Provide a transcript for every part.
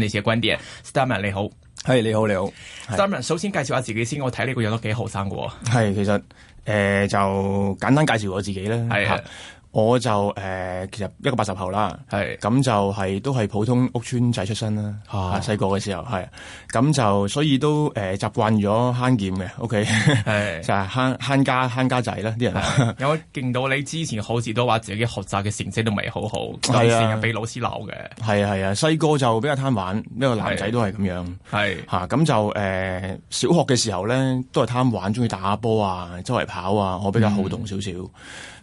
你嘅觀點，Starman 你好，係。你好你好 Starman，首先介紹下自己先，我睇你個樣都幾後生噶，係。其實誒、呃、就簡單介紹我自己啦，係啊。我就誒，其實一個八十後啦，係咁就係都係普通屋村仔出身啦。吓細個嘅時候係咁就，所以都誒習慣咗慳儉嘅。O K 係就係慳慳家慳家仔啦。啲人有見到你之前好似都話自己學習嘅成績都唔係好好，係成日俾老師鬧嘅。係啊係啊，細個就比較貪玩，呢個男仔都係咁樣。係吓咁就誒，小學嘅時候咧都係貪玩，中意打波啊，周圍跑啊，我比較好動少少。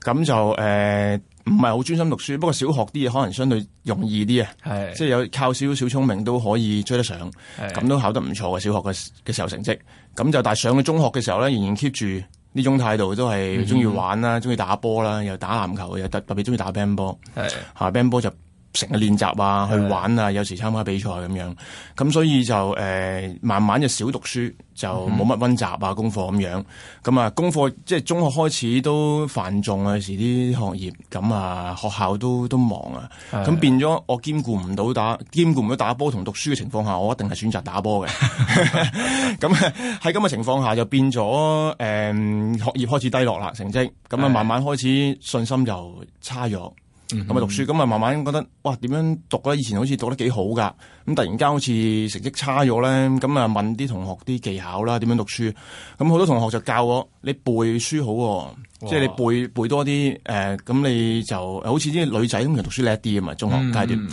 咁就誒唔係好專心讀書，不過小學啲嘢可能相對容易啲啊，的即係有靠少少小、小聰明都可以追得上，咁的都考得唔錯嘅小學嘅嘅時候成績。咁就但係上咗中學嘅時候咧，仍然 keep 住呢種態度，都係中意玩啦，中意、嗯、哼打波啦，又打籃球，又特特別中意打兵波的，吓兵波就。成日練習啊，去玩啊，有時參加比賽咁、啊、樣，咁所以就誒、呃、慢慢就少讀書，就冇乜溫習啊，功課咁樣。咁啊，功課即係中學開始都繁重啊，有時啲學業，咁啊學校都都忙啊。咁變咗我兼顧唔到打兼顧唔到打波同讀書嘅情況下，我一定係選擇打波嘅。咁喺咁嘅情況下，就變咗誒、呃、學業開始低落啦，成績咁啊，慢慢開始信心就差咗。咁啊讀書，咁啊、嗯、慢慢覺得，哇點樣讀咧？以前好似讀得幾好噶，咁突然間好似成績差咗咧，咁啊問啲同學啲技巧啦，點樣讀書？咁好多同學就教我，你背書好、哦，即係哇你背背多啲誒，咁、呃、你就好似啲女仔通常讀書叻啲啊嘛，中學階段，咁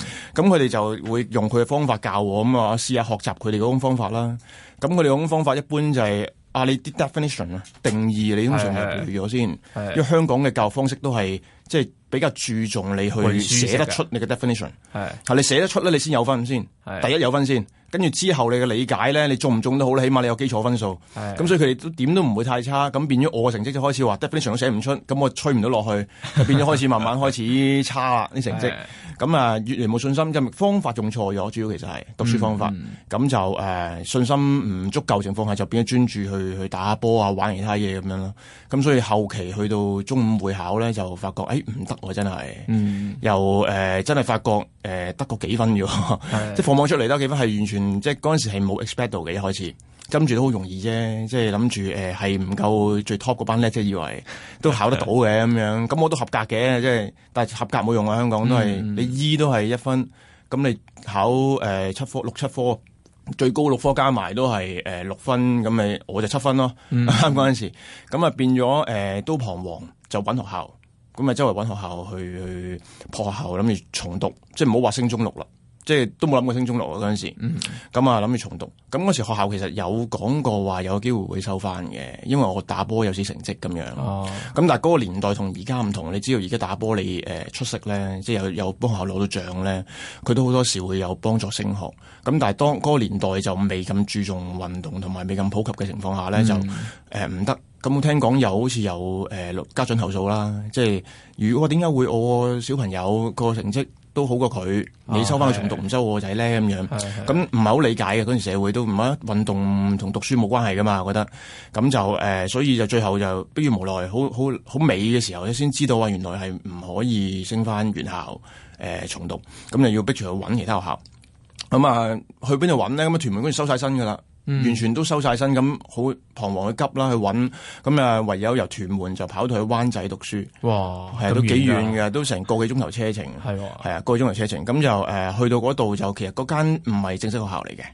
佢哋就會用佢嘅方法教我，咁啊試下學習佢哋嗰種方法啦。咁佢哋嗰種方法一般就係、是、是啊，你啲 definition 啊，定義你通常係背咗先，因為香港嘅教育方式都係即係。比較注重你去寫得出你嘅 definition，係，係你寫得出咧，你先有分先，第一有分先。跟住之後你嘅理解咧，你中唔中都好，起碼你有基礎分數。咁的所以佢哋都點都唔會太差，咁變咗我嘅成績就開始話得啲，常都 寫唔出，咁我吹唔到落去，就變咗開始慢慢開始差啦啲 成績。咁啊的越嚟冇信心，因為方法仲錯咗，主要其實係讀書方法。咁、嗯、就誒、呃、信心唔足夠情況下，就變咗專注去去打波啊，玩其他嘢咁樣咯。咁所以後期去到中五會考咧，就發覺誒唔得喎，真係。欸真嗯、又誒真係發覺誒、呃、得個幾分啫，即係放榜出嚟得幾分係完全。嗯，即係嗰陣時係冇 expect 到嘅。一開始跟住都好容易啫，即係諗住誒係唔夠最 top 嗰班咧，即係以為都考得到嘅咁樣，咁我都合格嘅，即係但係合格冇用啊！香港都係你 E 都係一分，咁你考誒七科六七科最高六科加埋都係誒六分，咁咪我就七分咯。嗰陣時，咁啊變咗誒都彷徨，就揾學校，咁啊周圍揾學校去去破學校諗住重讀，即係唔好話升中六啦。即係都冇諗過升中六嗰陣時，咁啊諗住重讀。咁嗰時學校其實有講過話有機會會收翻嘅，因為我打波有啲成績咁樣。咁、哦、但係嗰個年代同而家唔同，你知道而家打波你誒出色咧，即係有有幫學校攞到獎咧，佢都好多時會有幫助升學。咁但係當嗰個年代就未咁注重運動同埋未咁普及嘅情況下咧，就誒唔得。咁我、嗯欸、聽講有好似有誒家長投訴啦，即係如果點解會我小朋友個成績？都好過佢，你收翻去重讀，唔、哦、收我仔咧咁樣，咁唔係好理解嘅，嗰陣社會都唔啊運動同讀書冇關係噶嘛，我覺得咁就誒、呃，所以就最後就逼於無奈好好好美嘅時候，你先知道啊，原來係唔可以升翻原校誒、呃、重讀，咁就要逼住去揾其他學校，咁啊去邊度揾咧？咁啊，屯門嗰邊收晒身噶啦。嗯、完全都收晒身咁，好彷徨去急啦，去揾咁啊，唯有由屯門就跑到去灣仔讀書，哇，係啊都幾遠嘅，啊、都成個幾鐘頭車程，係係啊，個幾鐘頭車程，咁、嗯、就誒、呃、去到嗰度就其實嗰間唔係正式學校嚟嘅，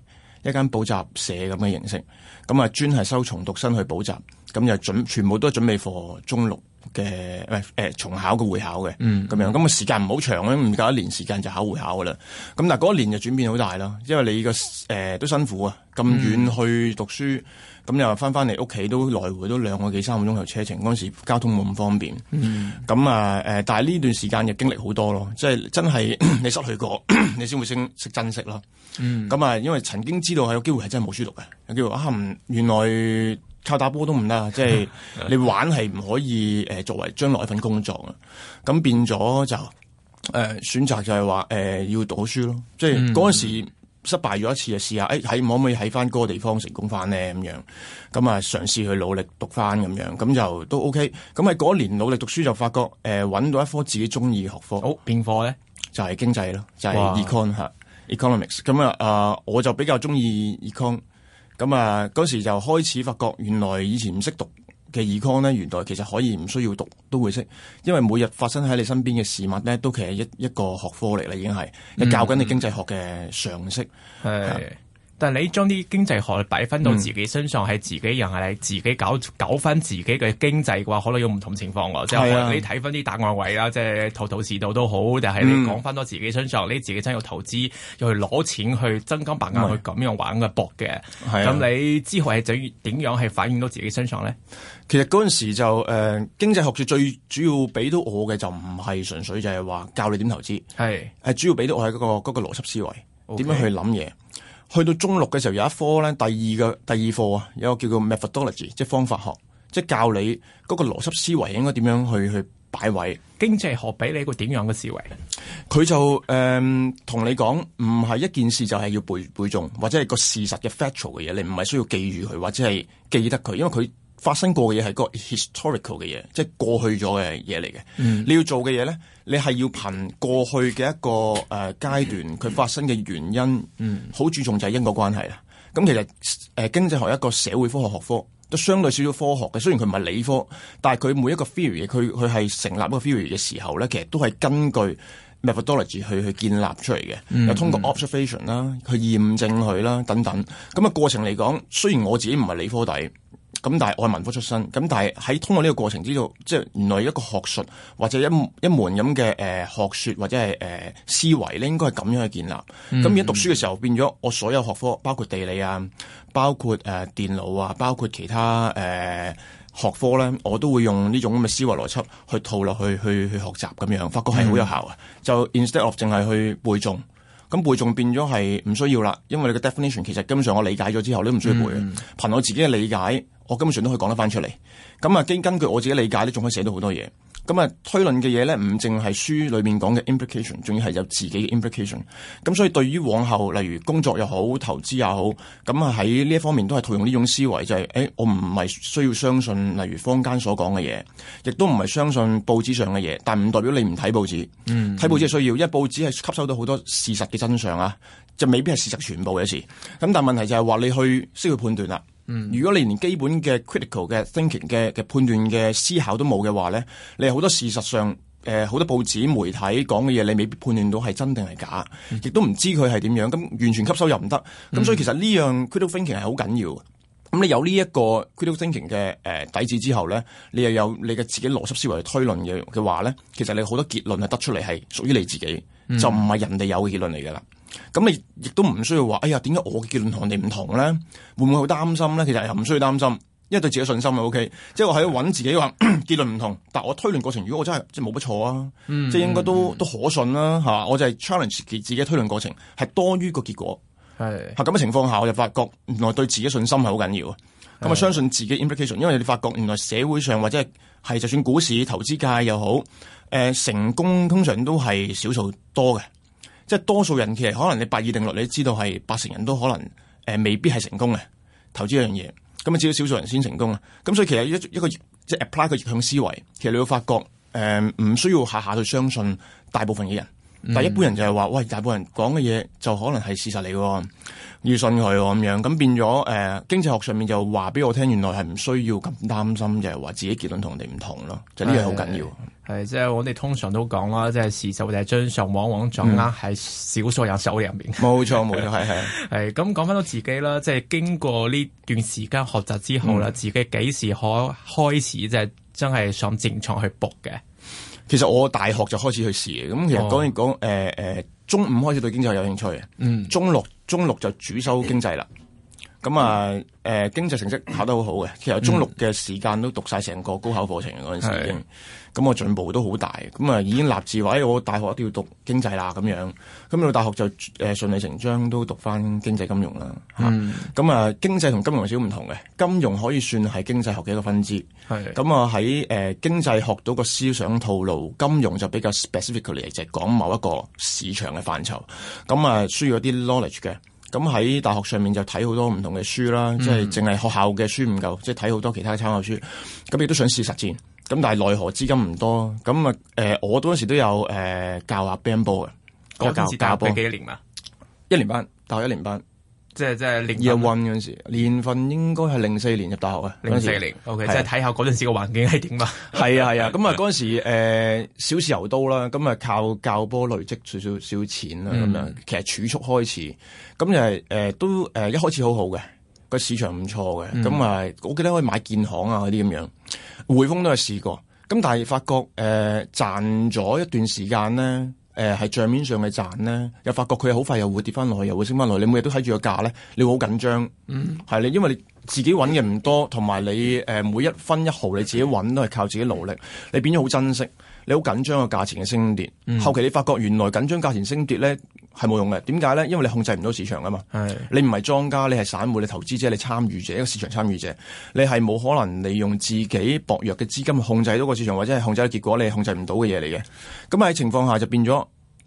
一間補習社咁嘅形式，咁啊專係收重讀生去補習，咁、嗯、就準全部都準備課中六。嘅，唔誒、呃，重考嘅會考嘅，嗯，咁樣，咁啊時間唔好長咧，唔夠一年時間就考會考噶啦，咁但係嗰一年就轉變好大啦，因為你個，誒、呃，都辛苦啊，咁遠去讀書，咁、嗯、又翻翻嚟屋企都來回都兩個幾三個鐘頭車程，嗰時交通冇咁方便，嗯，咁啊，誒、呃，但係呢段時間又經歷好多咯，即係真係你失去過， 你先會識識珍惜咯，嗯，咁啊，因為曾經知道係有機會係真係冇書讀嘅，有機會啊，原來。原來靠打波都唔得，啊，即係你玩係唔可以誒、呃，作為將來一份工作啊。咁變咗就誒、呃，選擇就係話誒，要讀書咯。即係嗰陣時失敗咗一次，就試下誒，喺可唔可以喺翻嗰個地方成功翻呢？咁樣咁啊，嘗試去努力讀翻咁樣，咁就都 OK。咁喺嗰年努力讀書就發覺誒，搵、呃、到一科自己中意嘅學科。好、哦，邊科咧？就係經濟咯，就係 econ 吓 economics。咁啊啊，我就比較中意 econ。咁啊，嗰時就開始發覺，原來以前唔識讀嘅 Econ 呢，原來其實可以唔需要讀都會識，因為每日發生喺你身邊嘅事物呢，都其實一一個學科嚟啦，已經係你、嗯、教緊你經濟學嘅常識。但係你將啲經濟學嚟擺翻到自己身上，係自己人係自己搞搞翻自己嘅經濟嘅話，可能有唔同情況喎。嗯、即係你睇翻啲大外圍啦，嗯、即係頭頭是道都好。但係你講翻到自己身上，嗯、你自己真要投資，又去攞錢去真金白銀去咁樣玩嘅博嘅。咁是你之後係點點樣係反映到自己身上咧？其實嗰陣時就誒、呃，經濟學最主要俾到我嘅就唔係純粹就係話教你點投資，係係是主要俾到我係嗰、那個嗰、那個邏輯、那個、思維，點 Okay. 樣去諗嘢。去到中六嘅時候有一科咧，第二個第二課啊，有一個叫做 methodology，即係方法學，即係教你嗰個邏輯思維應該點樣去去擺位。經濟學俾你一個點樣嘅思維？佢就誒同、嗯、你講，唔係一件事就係要背背誦，或者係個事實嘅 factual 嘅嘢，你唔係需要記住佢，或者係記得佢，因為佢。發生過嘅嘢係個 historical 嘅嘢，即係過去咗嘅嘢嚟嘅。嗯、你要做嘅嘢咧，你係要憑過去嘅一個誒階段，佢、嗯、發生嘅原因，好、嗯、注重就係因果關係啦。咁其實誒經濟學一個社會科學學科都相對少少科學嘅，雖然佢唔係理科，但係佢每一個 theory 佢佢係成立一個 theory 嘅時候咧，其實都係根據 methodology 去去建立出嚟嘅，又、嗯、通過 observation 啦，去驗證佢啦等等。咁啊，過程嚟講，雖然我自己唔係理科底。咁但係我係文科出身，咁但係喺通過呢個過程之後，即係原來一個學術或者一一門咁嘅誒學說或者係誒、呃、思維咧，應該係咁樣去建立。咁而家讀書嘅時候，變咗我所有學科，包括地理啊，包括誒、呃、電腦啊，包括其他誒、呃、學科咧，我都會用呢種咁嘅思維邏輯去套落去去去學習咁樣，發覺係好有效啊。嗯、就 instead of 淨係去背誦，咁背誦變咗係唔需要啦，因為你個 definition 其實根本上我理解咗之後你都唔需要背，憑我自己嘅理解，我根本上都可以講得翻出嚟，咁啊基根據我自己理解咧，仲可以寫到好多嘢。咁啊推論嘅嘢咧，唔淨係書裏面講嘅 implication，仲要係有自己嘅 implication。咁所以對於往後，例如工作又好，投資又好，咁啊喺呢一方面都係套用呢種思維，就係、是、誒、欸、我唔係需要相信例如坊間所講嘅嘢，亦都唔係相信報紙上嘅嘢，但唔代表你唔睇報紙。嗯，嗯，睇報紙係需要，因為報紙係吸收到好多事實嘅真相啊，就未必係事實全部嘅事。咁但問題就係話你去需去判斷啦。如果你連基本嘅 critical 嘅 thinking 嘅嘅判斷嘅思考都冇嘅話咧，你好多事實上，誒、呃、好多報紙媒體講嘅嘢，你未必判斷到係真定係假，亦都唔知佢係點樣，咁完全吸收又唔得，咁所以其實呢樣 critical thinking 係好緊要嘅。咁你有呢一個 critical thinking 嘅誒底子之後咧，你又有你嘅自己邏輯思維去推論嘅嘅話咧，其實你好多結論係得出嚟係屬於你自己，就唔係人哋有嘅結論嚟㗎啦。咁你亦都唔需要話，哎呀，點解我嘅結論同人哋唔同咧？會唔會好擔心咧？其實係唔需要擔心，因為對自己信心啊。O、okay? K，即係我喺度揾自己話 結論唔同，但我推論過程如果我真係即係冇乜錯啊，嗯、即係應該都都可信啦、啊，係我就係 challenge 自己推論過程係多於個結果，係喺咁嘅情況下，我就發覺原來對自己信心係好緊要啊。咁啊，相信自己 implication，因為你發覺原來社會上或者係係就算，股市投資界又好，誒、呃，成功通常都係少數多嘅。即係多數人，其實可能你八二定律，你知道係八成人都可能誒、呃、未必係成功嘅投資一樣嘢，咁啊只有少數人先成功啊！咁、嗯、所以其實一一個即係 apply 個逆向思維，其實你會發覺誒唔、呃、需要下下去相信大部分嘅人，但一般人就係話喂，大部分人講嘅嘢就可能係事實嚟喎、哦。要信佢咁樣，咁變咗誒、呃，經濟學上面就話俾我聽，原來係唔需要咁擔心，就係、是、話自己結論同人哋唔同咯。就呢樣好緊要。係即係我哋通常都講啦，即係事實或者真相往往掌握喺少數人手入邊。冇錯、嗯，冇錯，係係係。咁講翻到自己啦，即係經過呢段時間學習之後啦，嗯、自己幾時可開始即係真係上戰場去搏嘅？嗯、其實我大學就開始去試嘅。咁其實講完講，誒、呃、誒，中五開始對經濟有興趣嘅，嗯，中六。中六就主修經濟啦。咁啊，誒、嗯，嗯、經濟成績考得好好嘅，其實中六嘅時間都讀晒成個高考課程嗰陣時已經，咁我進步都好大，咁啊已經立志話、哎：，我大學一定要讀經濟啦，咁樣。咁到大學就誒順理成章都讀返經濟金融啦。咁、嗯、啊，經濟同金融有少少唔同嘅，金融可以算係經濟學嘅一個分支。咁啊喺誒經濟學到個思想套路，金融就比較 specifically 嚟，就係講某一個市場嘅範疇。咁、嗯、啊，需要一啲 knowledge 嘅。咁喺大學上面就睇好多唔同嘅書啦，嗯、即係淨係學校嘅書唔夠，即係睇好多其他參考書。咁亦都想試實戰，咁但係奈何資金唔多。咁啊，誒、呃，我當時都有誒教下乒乓嘅，教我教乒乓，嗯、幾多年啊？一年班，大學一年班。即係即係零入運嗰陣時，年份應該係零四年入大學啊，零四年。O K，即係睇下嗰陣時個環境係點嘛？係啊係啊，咁 啊嗰陣時誒、呃、小試牛刀啦，咁啊靠教波累積少少少錢啦，咁、嗯、樣其實儲蓄開始，咁就係誒都誒、呃、一開始好好嘅個市場唔錯嘅，咁啊、嗯、我記得可以買建行啊嗰啲咁樣，匯豐都係試過，咁但係發覺誒、呃、賺咗一段時間咧。誒係帳面上嘅賺咧，又發覺佢好快又會跌翻落去，又會升翻落去。你每日都睇住個價咧，你會好緊張。嗯，係你，因為你自己揾嘅唔多，同埋你誒每一分一毫你自己揾都係靠自己努力，你變咗好珍惜，你好緊張個價錢嘅升跌。嗯，後期你發覺原來緊張價錢升跌咧。係冇用嘅，點解咧？因為你控制唔到市場啊嘛，是的 你唔係莊家，你係散戶，你投資者，你參與者，一個市場參與者，你係冇可能利用自己薄弱嘅資金控制到個市場，或者係控制到結果，你控制唔到嘅嘢嚟嘅。咁喺情況下就變咗，誒、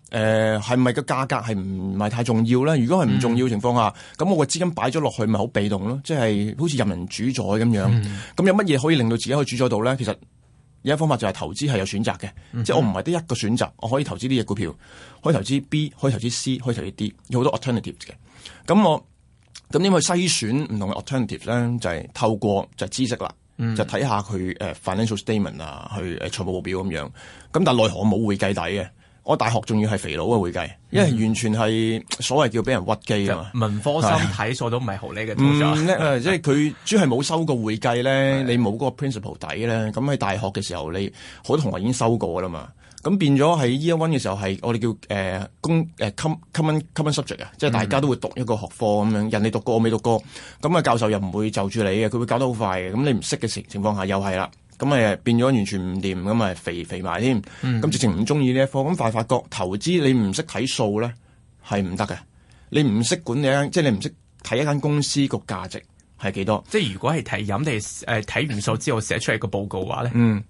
呃，係咪個價格係唔係太重要咧？如果係唔重要嘅情況下，咁、嗯、我個資金擺咗落去，咪好被動咯，即、就、係、是、好似任人主宰咁樣。咁、嗯、有乜嘢可以令到自己去主宰到咧？其實。有一方法就係投資係有選擇嘅，即係我唔係得一個選擇，我可以投資呢隻股票，可以投資 B，可以投資 C，可以投資 D，有好多 alternative 嘅。咁我咁點去篩選唔同嘅 alternative 咧？就係、是、透過就係、是、知識啦，嗯、就睇下佢誒 financial statement 啊，去財務報表咁樣。咁但係奈何我冇會計底嘅。我大學仲要係肥佬嘅會計，因為完全係所謂叫俾人屈機啊嘛。文科生睇數是都唔係好叻嘅。唔叻，嗯、 即係佢主要係冇收過會計咧，的你冇嗰個 principle 底咧。咁喺大學嘅時候，你好多同學已經收過啦嘛。咁變咗喺 year one 嘅時候，係我哋叫誒公誒、呃、common common subject 啊，即係大家都會讀一個學科咁樣。嗯、人哋讀過，我未讀過，咁啊教授又唔會就住你嘅，佢會搞得好快嘅。咁你唔識嘅情情況下又係啦。咁咪變咗完全唔掂，咁咪肥肥埋添。咁、嗯、直情唔中意呢一科，咁快發覺投資你唔識睇數咧，係唔得嘅。你唔識管理間，即係你唔識睇一間公司個價值係幾多。即係如果係睇飲定誒睇完數之後寫出嚟個報告話咧，嗯，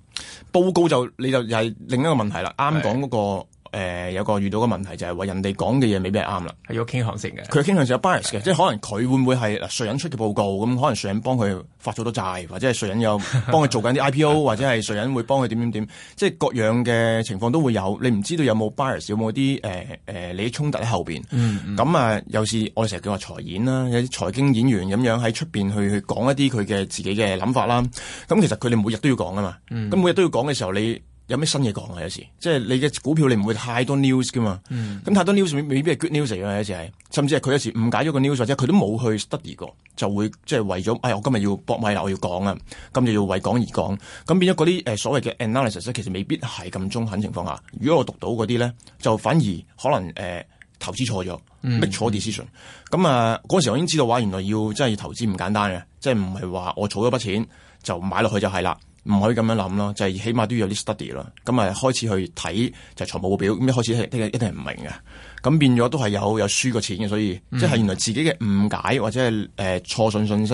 報告就你就又係另一個問題啦。啱啱講嗰個。誒、呃、有個遇到個問題就係、是、話人哋講嘅嘢未必係啱啦，係要傾向性嘅，佢傾向性有 bias 嘅，的即係可能佢會唔會係嗱瑞銀出嘅報告咁，可能瑞銀幫佢發咗多債，或者係瑞銀有幫佢做緊啲 IPO，或者係瑞銀會幫佢點點點，即係各樣嘅情況都會有，你唔知道有冇 bias，有冇啲誒誒利益衝突喺後邊。咁啊、嗯嗯，有時我哋成日叫話財演啦，有啲財經演員咁樣喺出邊去去講一啲佢嘅自己嘅諗法啦。咁、嗯嗯嗯、其實佢哋每日都要講啊嘛，咁每日都要講嘅時候，你，時候你。你嗯有咩新嘢講啊？有時即係你嘅股票，你唔會太多 news 噶嘛。咁、嗯、太多 news 未必係 good news 嚟，有時係甚至係佢有時誤解咗個 news，或者佢都冇去 study 過，就會即係、就是、為咗哎呀，我今日要博米啊，我要講啊，咁就要為講而講，咁變咗嗰啲誒所謂嘅 analysis 其實未必係咁中肯情況下。如果我讀到嗰啲咧，就反而可能誒、呃、投資錯咗 m a 錯 decision、嗯。咁啊，嗰時我已經知道話，原來要真係投資唔簡單嘅，即係唔係話我儲咗筆錢就買落去就係啦。唔可以咁樣諗咯，就係係、是、起碼都要有啲 study 咯，咁啊開始去睇就係財、是、務報表，咁一開始係一定係唔明嘅，咁變咗都係有有輸過錢嘅，所以、嗯、即係原來自己嘅誤解或者係誒錯信信息、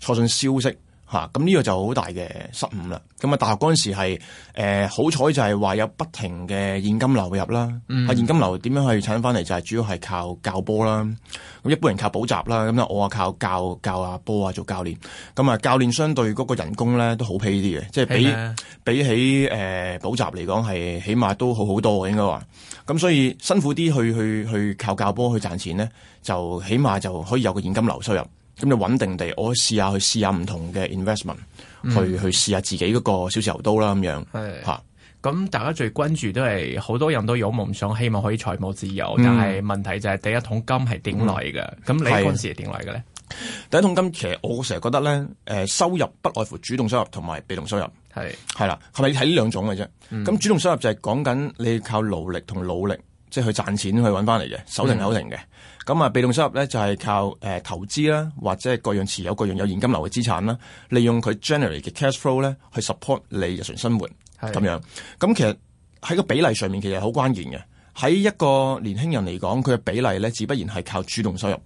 錯信消息。嚇咁呢個就好大嘅失誤啦！咁啊，大學嗰陣時係誒好彩就係話有不停嘅現金流入啦，啊、嗯、現金流點樣去賺翻嚟就係主要係靠教波啦，咁一般人靠補習啦，咁咧我啊靠教教吓波啊做教練，咁啊教練相對嗰個人工咧都好 pay 啲嘅，即係比嗎比起誒、呃、補習嚟講係起碼都好好多應該話，咁所以辛苦啲去去去，去靠教波去賺錢咧，就起碼就可以有個現金流收入。咁就穩定地，我試下、嗯、去試下唔同嘅 investment，去去試下自己嗰個小試牛刀啦，咁樣，吓是。咁、啊、大家最關注都係好多人都有夢想，希望可以財務自由，嗯、但係問題就係、是、第一桶金係點來嘅？咁、嗯、你嗰時係點來嘅咧？第一桶金其實我成日覺得咧，誒，收入不外乎主動收入同埋被動收入，係係啦，係咪要睇呢兩種嘅啫？咁、嗯嗯、主動收入就係講緊你靠勞力同努力，即、就、係、是、去賺錢去揾翻嚟嘅，手停口停嘅。嗯咁啊，被動收入咧就係靠誒投資啦，或者係各樣持有各樣有現金流嘅資產啦，利用佢 generally 嘅 cash flow 咧去 support 你日常生活係，咁是樣，咁其實喺個比例上面其實好關鍵嘅。喺一個年輕人嚟講，佢嘅比例咧自不然係靠主動收入。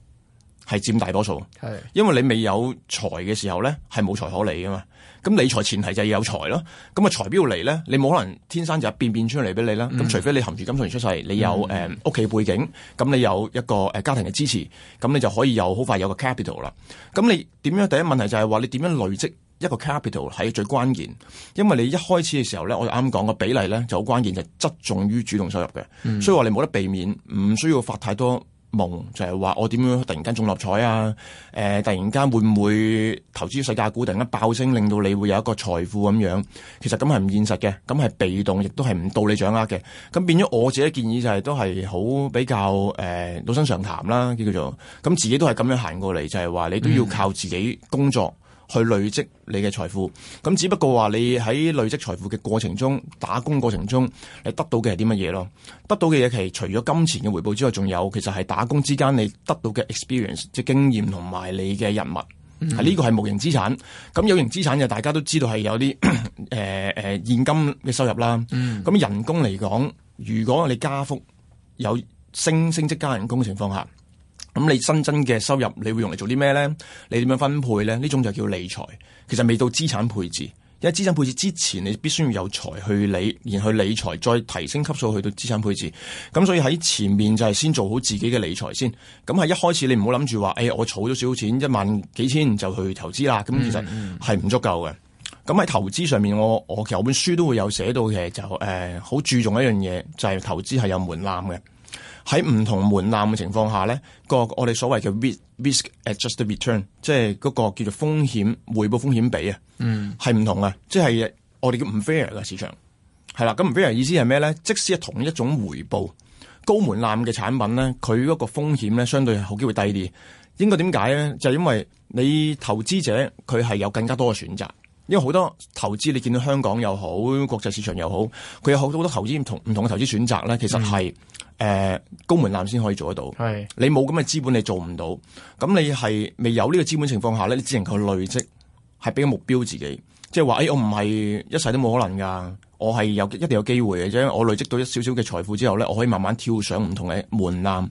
係佔大多數，係，因為你未有財嘅時候咧，係冇財可理噶嘛。咁理財前提就係要有財咯。咁啊財要嚟咧，你冇可能天生就一變變出嚟俾你啦。咁除非你含住金屬出世，你有誒屋企背景，咁你有一個誒家庭嘅支持，咁你就可以有好快有個 capital 啦。咁你點樣？第一問題就係話你點樣累積一個 capital 係最關鍵，因為你一開始嘅時候咧，我啱講個比例咧就好關鍵，就側重於主動收入嘅。所以話你冇得避免，唔需要發太多。夢就係話我點樣突然間中六合彩啊？誒、呃，突然間會唔會投資世界股突然間爆升，令到你會有一個財富咁樣？其實咁係唔現實嘅，咁係被動，亦都係唔到你掌握嘅。咁變咗我自己建議就係、是、都係好比較誒、呃、老生常談啦，叫做咁自己都係咁樣行過嚟，就係、是、話你都要靠自己工作。嗯去累積你嘅財富，咁只不過話你喺累積財富嘅過程中，打工過程中，你得到嘅係啲乜嘢咯？得到嘅嘢其實除咗金錢嘅回報之外，仲有其實係打工之間你得到嘅 experience，即經驗同埋你嘅人脈，呢個係無形資產。咁有形資產就大家都知道係有啲誒誒現金嘅收入啦。咁、嗯、人工嚟講，如果你加幅有升升職加人工嘅情況下。咁你新增嘅收入，你會用嚟做啲咩咧？你點樣分配咧？呢種就叫理財。其實未到資產配置，因為資產配置之前，你必須要有財去理，然後去理財再提升級數去到資產配置。咁所以喺前面就係先做好自己嘅理財先。咁係一開始你唔好諗住話，誒、哎，我儲咗少少錢一萬幾千就去投資啦。咁其實係唔足夠嘅。咁喺投資上面，我我其實我本書都會有寫到嘅，就誒好、呃、注重一樣嘢，就係、是、投資係有門檻嘅。喺唔同門檻嘅情況下咧，呢個我哋所謂嘅 risk-adjusted return，即係嗰個叫做風險回報風險比啊，嗯，係唔同嘅，即係我哋叫唔 fair 嘅市場，係啦。咁唔 fair 意思係咩咧？即使係同一種回報、高門檻嘅產品咧，佢嗰個風險咧，相對好機會低啲。應該點解咧？就係因為你投資者佢係有更加多嘅選擇。因為好多投資，你見到香港又好，國際市場又好，佢有好多好多投資同唔同嘅投資選擇咧。其實係誒、嗯呃、高門檻先可以做得到。係是你冇咁嘅資本，你做唔到。咁你係未有呢個資本情況下咧，你只能夠累積，係俾個目標自己，即係話：誒、哎，我唔係一世都冇可能㗎，我係有一定有機會嘅啫。我累積到一少少嘅財富之後咧，我可以慢慢跳上唔同嘅門檻，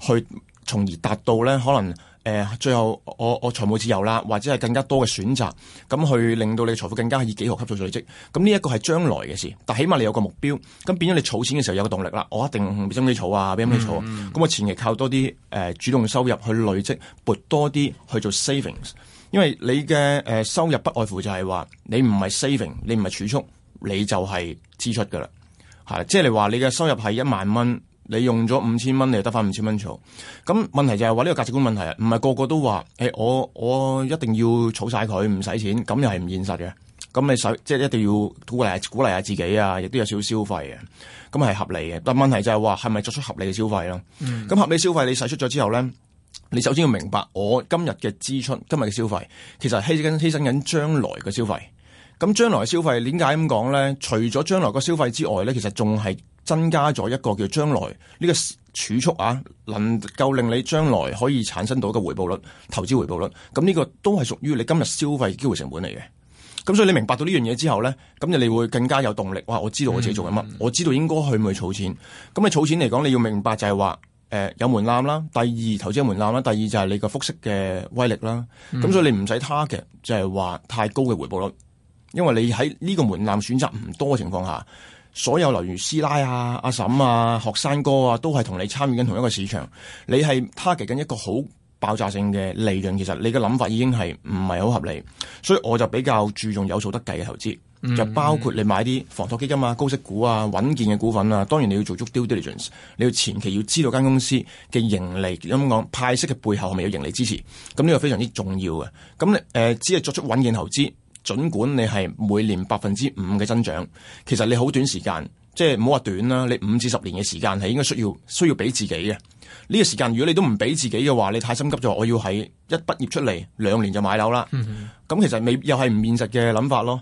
去從而達到咧可能。誒、呃，最後我我財務自由啦，或者係更加多嘅選擇，咁去令到你財富更加係以幾何級數累積。咁呢一個係將來嘅事，但起碼你有個目標，咁變咗你儲錢嘅時候有個動力啦。我一定俾心機你儲啊，俾心機你儲。咁、嗯、我前期靠多啲誒、呃、主動收入去累積，撥多啲去做 savings。因為你嘅誒、呃、收入不外乎就係話，你唔係 saving，你唔係儲蓄，你就係支出噶啦。係，即係話你嘅收入係一萬蚊。你用咗五千蚊，你就得翻五千蚊儲。咁問題就係話呢個價值觀問題啊，唔係個個都話，誒、欸、我我一定要儲晒佢，唔使錢，咁又係唔現實嘅。咁你使即係一定要鼓勵鼓勵下自己啊，亦都有少少消費嘅，咁係合理嘅。但問題就係、是、話，係咪作出合理嘅消費咯？咁、嗯、合理消費你使出咗之後咧，你首先要明白，我今日嘅支出，今日嘅消費，其實係犧牲犧牲緊將來嘅消費。咁將來嘅消費點解咁講咧？除咗將來個消費之外咧，其實仲係，增加咗一個叫將來呢、呢個儲蓄啊，能夠令你將來可以產生到一個回報率，投資回報率。咁呢個都係屬於你今日消費機會成本嚟嘅。咁所以你明白到呢樣嘢之後咧，咁你會更加有動力。哇！我知道我自己做緊乜，嗯、我知道應該去唔去儲錢。咁你儲錢嚟講，你要明白就係話，誒、呃、有門檻啦。第二投資有門檻啦，第二就係你個複息嘅威力啦。咁、嗯、所以你唔使 target 就係話太高嘅回報率，因為你喺呢個門檻選擇唔多嘅情況下。所有例如師奶啊、阿嬸啊、學生哥啊，都係同你參與緊同一個市場。你係 target 緊一個好爆炸性嘅利潤，其實你嘅諗法已經係唔係好合理。所以我就比較注重有數得計嘅投資，mm hmm. 就包括你買啲房託基金啊、高息股啊、穩健嘅股份啊。當然你要做足 due diligence，你要前期要知道間公司嘅盈利。咁講派息嘅背後係咪有盈利支持？咁呢個非常之重要嘅。咁誒、呃，只係作出穩健投資。儘管你係每年百分之五嘅增長，其實你好短時間，即係唔好話短啦，你五至十年嘅時間係應該需要需要俾自己嘅。呢個時間，如果你都唔俾自己嘅話，你太心急咗。我要喺一畢業出嚟兩年就買樓啦。咁、嗯嗯、其實你又係唔現實嘅諗法咯。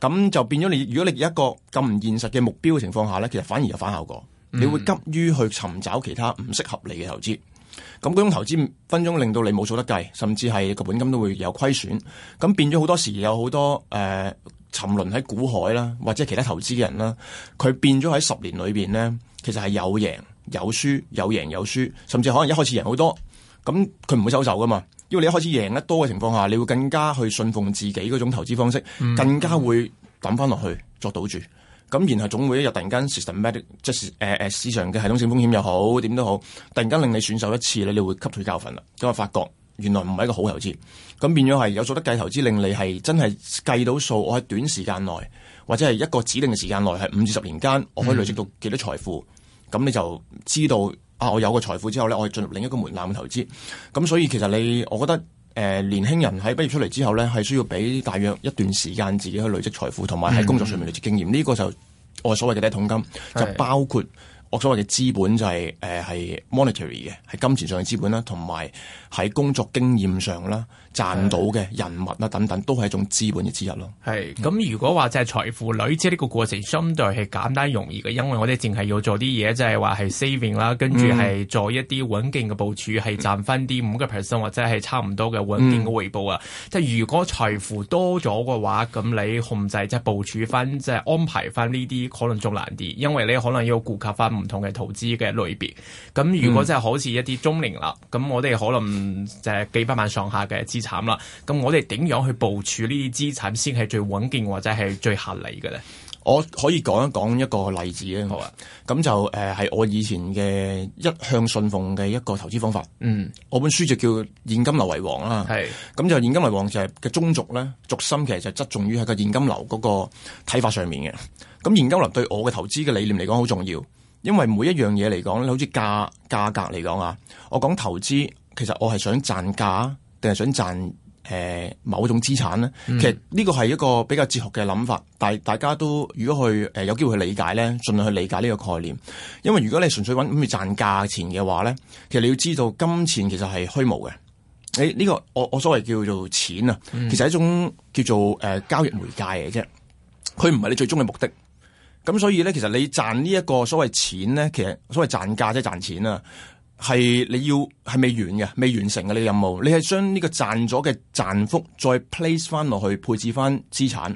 咁就變咗你，如果你一個咁唔現實嘅目標嘅情況下呢，其實反而有反效果。你會急於去尋找其他唔適合你嘅投資。咁嗰種投資分鐘令到你冇數得計，甚至係個本金都會有虧損。咁變咗好多時有好多誒、呃、沉淪喺股海啦，或者其他投資嘅人啦，佢變咗喺十年裏邊咧，其實係有贏有輸，有贏有輸，甚至可能一開始贏好多，咁佢唔會收手噶嘛。因為你一開始贏得多嘅情況下，你會更加去信奉自己嗰種投資方式，更加會抌翻落去作賭注。咁然後總會一日突然間 systematic 即係誒誒市場嘅系統性風險又好，點都好，突然間令你損手一次咧，你會吸取教訓啦。咁啊，發覺原來唔係一個好投資，咁變咗係有數得計投資，令你係真係計到數。我喺短時間內，或者係一個指定嘅時間內，係五至十年間，我可以累積到幾多財富，咁、嗯、你就知道啊。我有個財富之後咧，我係進入另一個門檻嘅投資。咁所以其實你，我覺得。誒、呃、年輕人喺畢業出嚟之後咧，係需要俾大約一段時間自己去累積財富，同埋喺工作上面累積經驗。呢、嗯、個就我所謂嘅第一桶金，的就包括。我所謂嘅資本就係誒係 monetary 嘅，係金錢上嘅資本啦，同埋喺工作經驗上啦賺到嘅人物啦等等，都係一種資本嘅之一咯。係咁，如果話就係財富累積呢個過程相對係簡單容易嘅，因為我哋淨係要做啲嘢，即係話係 saving 啦，跟住係做一啲穩健嘅部署，係賺翻啲五個 percent 或者係差唔多嘅穩健嘅回報啊。即係、嗯、如果財富多咗嘅話，咁你控制即係部署翻，即係安排翻呢啲可能仲難啲，因為你可能要顧及翻。唔同嘅投資嘅類別，咁如果真係好似一啲中年啦，咁、嗯、我哋可能就係幾百萬上下嘅資產啦，咁我哋點樣去部署呢啲資產先係最穩健或者係最合理嘅咧？我可以講一講一個例子嘅，好啊，咁就誒係我以前嘅一向信奉嘅一個投資方法，嗯，我本書就叫現金流為王啦，係咁是就現金流為王就係嘅中軸咧，軸心其實就側重於喺個現金流嗰個睇法上面嘅。咁現金流對我嘅投資嘅理念嚟講好重要。因為每一樣嘢嚟講咧，好似價價格嚟講啊，我講投資，其實我係想賺價，定係想賺誒、呃、某種資產咧？嗯、其實呢個係一個比較哲學嘅諗法，但係大家都如果去誒、呃、有機會去理解咧，盡量去理解呢個概念。因為如果你純粹揾咁去賺價錢嘅話咧，其實你要知道金錢其實係虛無嘅。你、哎、呢、這個我我所謂叫做錢啊，其實係一種叫做誒、呃、交易媒介嘅啫，佢唔係你最終嘅目的。咁所以咧，其實你賺呢一個所謂錢咧，其實所謂賺價即係賺錢啊，係你要係未完嘅，未完成嘅你任務，你係將呢個賺咗嘅賺幅再 place 翻落去配置翻資產，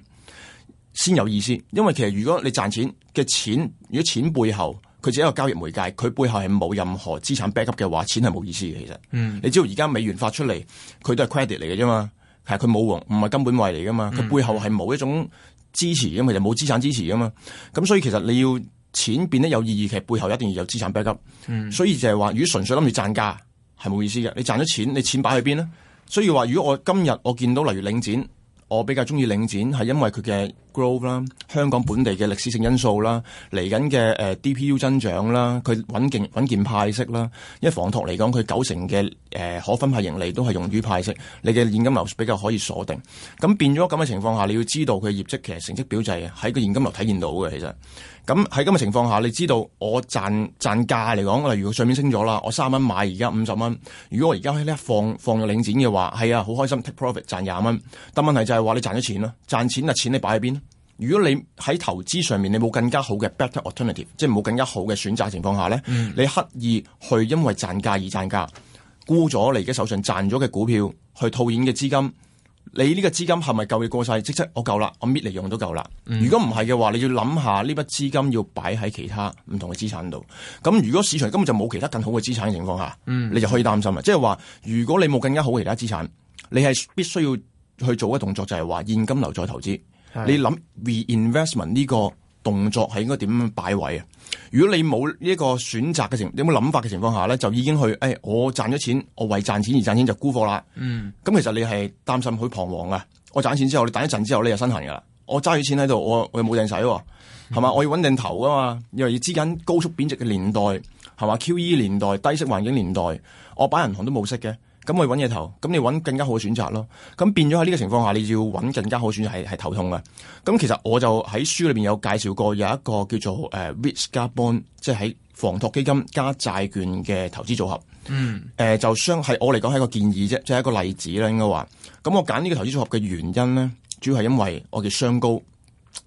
先有意思。因為其實如果你賺錢嘅錢，如果錢背後佢只係一個交易媒介，佢背後係冇任何資產 back up 嘅話，錢係冇意思嘅。其實，嗯，你知道而家美元發出嚟，佢都係 credit 嚟嘅啫嘛，係佢冇，唔係金本位嚟噶嘛，佢背後係冇一種。支持，㗎嘛，就冇資產支持㗎嘛，咁所以其實你要錢變得有意義，其實背後一定要有資產 backup。嗯。所以就係話，如果純粹諗住賺價，係冇意思嘅。你賺咗錢，你錢擺去邊咧？所以話，如果我今日我見到例如領展。我比較中意領展，係因為佢嘅 growth 啦，香港本地嘅歷史性因素啦，嚟緊嘅誒 DPU 增長啦，佢穩健穩健派息啦。因為房託嚟講，佢九成嘅誒、呃、可分派盈利都係用於派息，你嘅現金流比較可以鎖定。咁變咗咁嘅情況下，你要知道佢業績其實成績表就係喺個現金流體現到嘅其實。咁喺咁嘅情況下，你知道我賺賺價嚟講，例如上面升咗啦，我三蚊買，而家五十蚊。如果我而家喺呢一放放咗領展嘅話，係啊，好開心 take profit 賺廿蚊。但問題就係話你賺咗錢咯，賺錢啊錢你擺喺邊？如果你喺投資上面你冇更加好嘅 better alternative，即係冇更加好嘅選擇情況下咧，你刻意去因為賺價而賺價，沽咗你而家手上賺咗嘅股票去套現嘅資金。你呢個資金係咪夠嘅過晒？即係我夠啦，我搣嚟用都夠啦。如果唔係嘅話，你要諗下呢筆資金要擺喺其他唔同嘅資產度。咁如果市場根本就冇其他更好嘅資產嘅情況下，嗯、你就可以擔心啊。即係話如果你冇更加好嘅其他資產，你係必須要去做嘅動作，就係話現金流再投資。你諗 reinvestment 呢個動作係應該點樣擺位啊？如果你冇呢一個選擇嘅情，你冇諗法嘅情況下咧，就已經去，誒、哎，我賺咗錢，我為賺錢而賺錢就沽貨啦。嗯，咁其實你係擔心佢彷徨噶。我賺錢之後，你等一陣之後，你就身痕噶啦。我揸住錢喺度，我我冇、啊嗯、定使，係嘛？我要搵定頭噶嘛。因為而資金高速貶值嘅年代，係嘛？QE 年代，低息環境年代，我擺銀行都冇息嘅。咁去揾嘢投，咁你揾更加好嘅選擇咯。咁變咗喺呢個情況下，你要揾更加好選擇，係係頭痛嘅。咁其實我就喺書裏邊有介紹過有一個叫做誒 REITs 加 Bond，即係喺房託基金加債券嘅投資組合。嗯、呃，誒就相係我嚟講係一個建議啫，即、就、係、是、一個例子啦，應該話。咁我揀呢個投資組合嘅原因咧，主要係因為我叫雙高，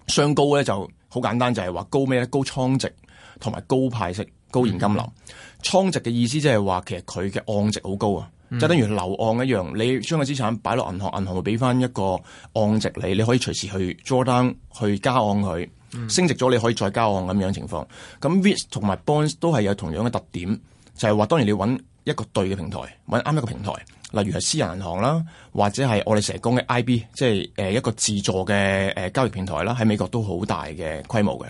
雙高咧就好簡單，就係、是、話高咩咧？高倉值同埋高派息、高現金流。嗯、倉值嘅意思即係話其實佢嘅按值好高啊。就等於樓按、一樣，你將個資產擺落銀行，銀行會俾翻一個按值你，你可以隨時去 draw down 去加按，佢升值咗，你可以再加按咁樣情況。咁 v i t s 同埋 bonds 都係有同樣嘅特點，就係話當然你揾一個對嘅平台，揾啱一個平台。例如係私人銀行啦，或者係我哋成日講嘅 IB，即係誒一個自助嘅誒交易平台啦，喺美國都好大嘅規模嘅。咁、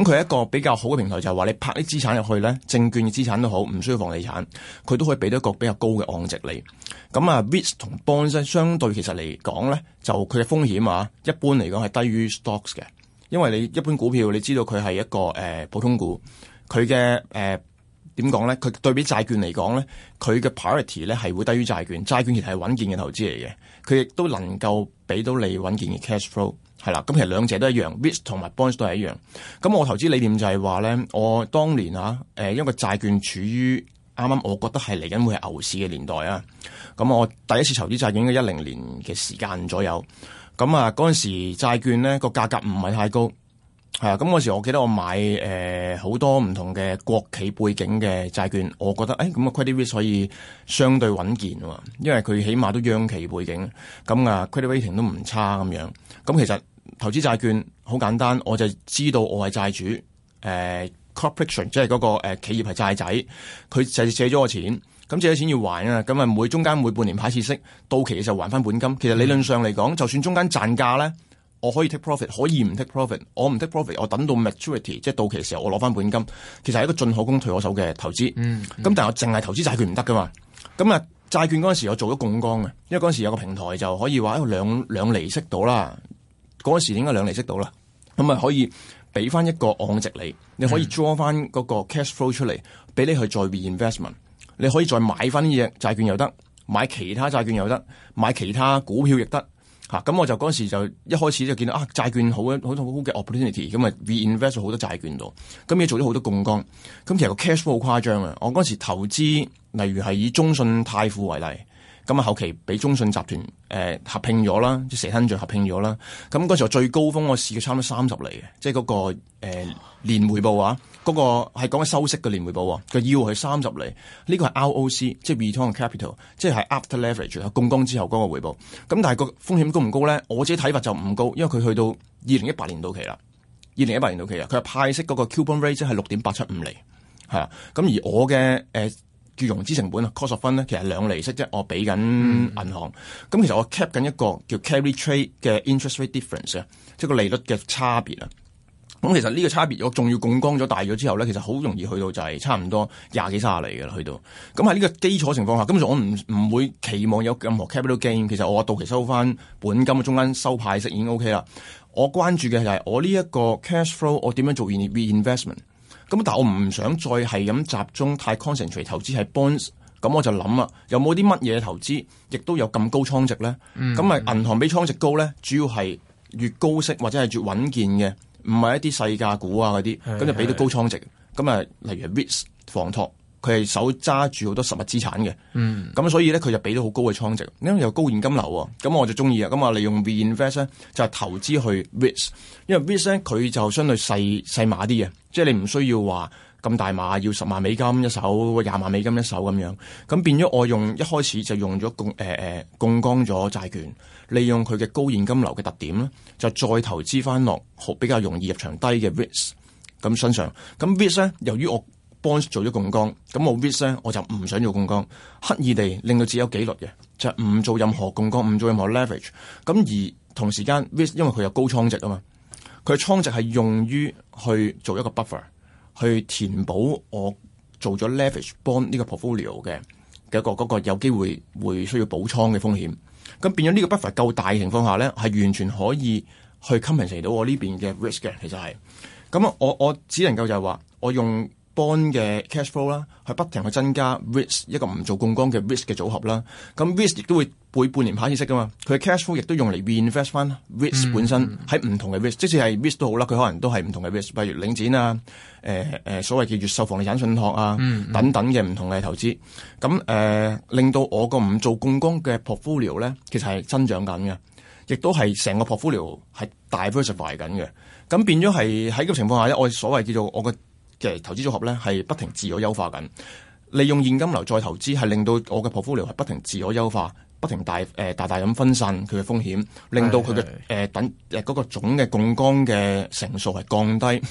嗯、佢係一個比較好嘅平台就係話你拍啲資產入去咧，證券嘅資產都好，唔需要房地產，佢都可以俾到一個比較高嘅按值你，咁啊、嗯、b i n s 同 bonds 相對其實嚟講咧，就佢嘅風險啊，一般嚟講係低於 stocks 嘅，因為你一般股票你知道佢係一個誒、呃、普通股，佢嘅誒。呃點講呢？佢對比債券嚟講呢，佢嘅 priority 呢係會低於債券。債券其實係穩健嘅投資嚟嘅，佢亦都能夠俾到你穩健嘅 cash flow。係啦，咁其實兩者都一樣 REITs 同埋 bonds 都係一樣。咁我投資理念就係話呢：我當年啊，誒，因為債券處於啱啱我覺得係嚟緊會係牛市嘅年代啊。咁我第一次投資債券應該一零年嘅時間左右。咁啊，嗰陣時債券呢個價格唔係太高。係啊，咁、那、嗰、個、時我記得我買誒好、呃、多唔同嘅國企背景嘅債券，我覺得誒咁啊 credit risk 可以相對穩健啊，因為佢起碼都央企背景，咁、嗯、啊 credit rating 都唔差咁樣。咁、嗯、其實投資債券好簡單，我就知道我係債主，誒、呃、corporation 即係嗰、那個誒、呃、企業係債仔，佢就借咗我錢，咁、嗯、借咗錢要還啊，咁啊每中間每半年派次息，到期嘅時候還翻本金。其實理論上嚟講，嗯、就算中間賺價咧。我可以 take profit，可以唔 take profit。我唔 take profit，我等到 maturity，即係到期時候，我攞翻本金。其實係一個進可攻退可守嘅投資。嗯。嗯，咁但係我淨係投資債券唔得噶嘛。咁啊，債券嗰陣時我做咗槓桿嘅，因為嗰陣時有個平台就可以話，誒兩兩厘息到啦。嗰陣時應該兩厘息到啦，咁啊可以俾翻一個按值你，你可以 draw 翻嗰個 cash flow 出嚟，俾你去再 reinvestment。Ment，你可以再買翻呢隻債券又得，買其他債券又得，買其他股票亦得。嚇！咁、啊、我就嗰時就一開始就見到啊，債券好一好咁好嘅 opportunity，咁、嗯、啊 reinvest 咗好多債券度，咁、嗯、亦做咗好多槓桿，咁、嗯、其實個 cash flow 好誇張啊！我嗰時投資，例如係以中信泰富為例。咁啊、嗯，後期俾中信集團誒、呃、合併咗啦，即係蛇吞象合併咗啦。咁、嗯、嗰時候最高峰，我試過差唔多三十厘嘅，即係嗰、那個誒、呃、年回報啊，嗰、那個係講緊收息嘅年回報，啊，佢要係三十厘。呢、這個係 ROC，即係 return on capital，即係 after leverage，係槓桿之後嗰個回報。咁、嗯、但係個風險高唔高咧？我自己睇法就唔高，因為佢去到二零一八年到期啦，二零一八年到期啊，佢派息嗰個 coupon rate 即係六點八七五厘啊，咁、嗯、而我嘅誒。呃叫融資成本啊，cost of fund 咧、mm hmm.，其實兩釐息啫，我俾緊銀行。咁其實我 cap 緊一個叫 carry trade 嘅 interest rate difference 啊，即係個利率嘅差別啊。咁其實呢個差別我仲要貢光咗大咗之後咧，其實好容易去到就係差唔多廿幾卅厘嘅啦，去到。咁喺呢個基礎情況下，咁我唔唔會期望有任何 capital gain。其實我到期收翻本金嘅中間收派息已經 OK 啦。我關注嘅就係我呢一個 cash flow，我點樣做 reinvestment？咁但係我唔想再係咁集中太 concentrate 投資係 bonds，咁我就諗啊，有冇啲乜嘢投資亦都有咁高倉值咧？咁啊、嗯，銀行比倉值高咧，主要係越高息或者係越穩健嘅，唔係一啲細價股啊嗰啲，咁就俾到高倉值。咁啊的，例如 REITs 房託。佢係手揸住好多實物資產嘅，咁、嗯、所以咧佢就俾到好高嘅倉值，因為有高現金流喎，咁我就中意啊！咁啊，利用 re-invest 咧就是、投資去 REITs，因為 REITs 咧佢就相對細細碼啲嘅，即係、就是、你唔需要話咁大碼，要十萬美金一手，廿萬美金一手咁樣，咁變咗我用一開始就用咗共誒誒槓桿咗債券，利用佢嘅高現金流嘅特點咧，就再投資翻落好比較容易入場低嘅 REITs 咁身上，咁 REITs 咧由於我 Bond 做咗槓桿，咁我 risk 咧我就唔想做槓桿，刻意地令到自己有紀律嘅就係唔做任何槓桿，唔做任何 leverage。咁而同時間 risk，因為佢有高倉值啊嘛，佢嘅倉值係用於去做一個 buffer，去填補我做咗 leverage bond 呢個 portfolio 嘅嘅一個嗰個有機會會需要補倉嘅風險。咁變咗呢個 buffer 夠大嘅情況下咧，係完全可以去 compensate 到我呢邊嘅 risk 嘅。其實係咁啊，我我只能夠就係話我用。嘅 cashflow 啦，去不停去增加 risk，一個唔做槓桿嘅 risk 嘅組合啦，咁 risk 亦都會背半年派息噶嘛。佢嘅 cashflow 亦都用嚟 invest 翻 risk 本身喺唔、嗯、同嘅 risk，即使係 risk 都好啦，佢可能都係唔同嘅 risk，例如領展啊，誒、呃、誒所謂嘅越秀房地產信託啊，嗯、等等嘅唔同嘅投資。咁誒、呃、令到我個唔做槓桿嘅 portfolio 咧，其實係增長緊嘅，亦都係成個 portfolio 係 diversify 緊嘅。咁變咗係喺呢個情況下咧，我所謂叫做我個。嘅投資組合咧，係不停自我優化緊，利用現金流再投資係令到我嘅 portfolio 係不停自我優化。不停大誒、呃、大大咁分散佢嘅風險，令到佢嘅誒等誒嗰、呃那個總嘅槓桿嘅成數係降低，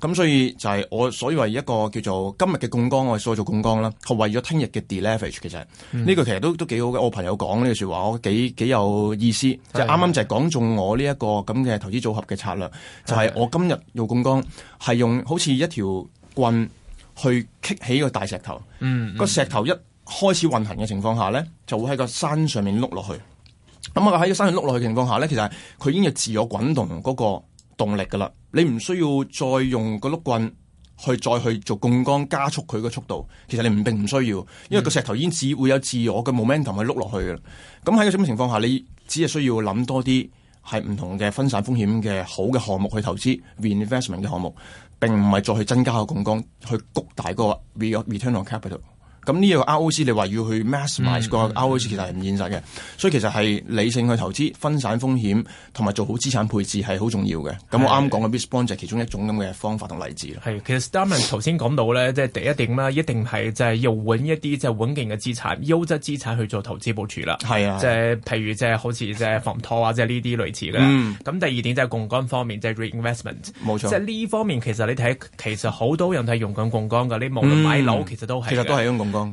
咁 所以就係我所謂一個叫做，叫做今日嘅槓桿，我所謂做槓桿啦，係、嗯、為咗聽日嘅 deleverage 其實呢、嗯、個其實都都幾好嘅，我朋友講呢句說話，我幾幾有意思，是是就啱啱就係講中我呢、這、一個咁嘅投資組合嘅策略，就係、是、我今日做槓桿係用好似一條棍去棘起個大石頭，個石頭一開始運行嘅情況下咧，就會喺個山上面碌落去。咁啊喺個山上碌落去嘅情況下咧，其實佢已經有自我滾動嗰個動力噶啦。你唔需要再用個碌棍去再去做槓桿加速佢嘅速度。其實你唔並唔需要，因為個石頭已經只會有自我嘅 momentum 去碌落去嘅啦。咁喺個咁嘅情況下，你只係需要諗多啲係唔同嘅分散風險嘅好嘅項目去投資 reinvestment 嘅項目，並唔係再去增加去個槓桿去谷大個 return on capital。咁呢個 ROC 你話要去 maximize 個 ROC 其實係唔現實嘅，所以其實係理性去投資、分散風險同埋做好資產配置係好重要嘅。咁我啱講嘅 response 就係其中一種咁嘅方法同例子啦。其實 Starman 頭先講到咧，即係第一點啦，一定係就係要揾一啲即係穩健嘅資產、優質資產去做投資部署啦。係啊，即係譬如即係好似即係房託啊，即係呢啲類似嘅。嗯。咁第二點即係槓桿方面，即係 reinvestment。冇錯。即係呢方面其實你睇，其實好多人係用緊槓桿嘅。你無論買樓，其實都係。其實都係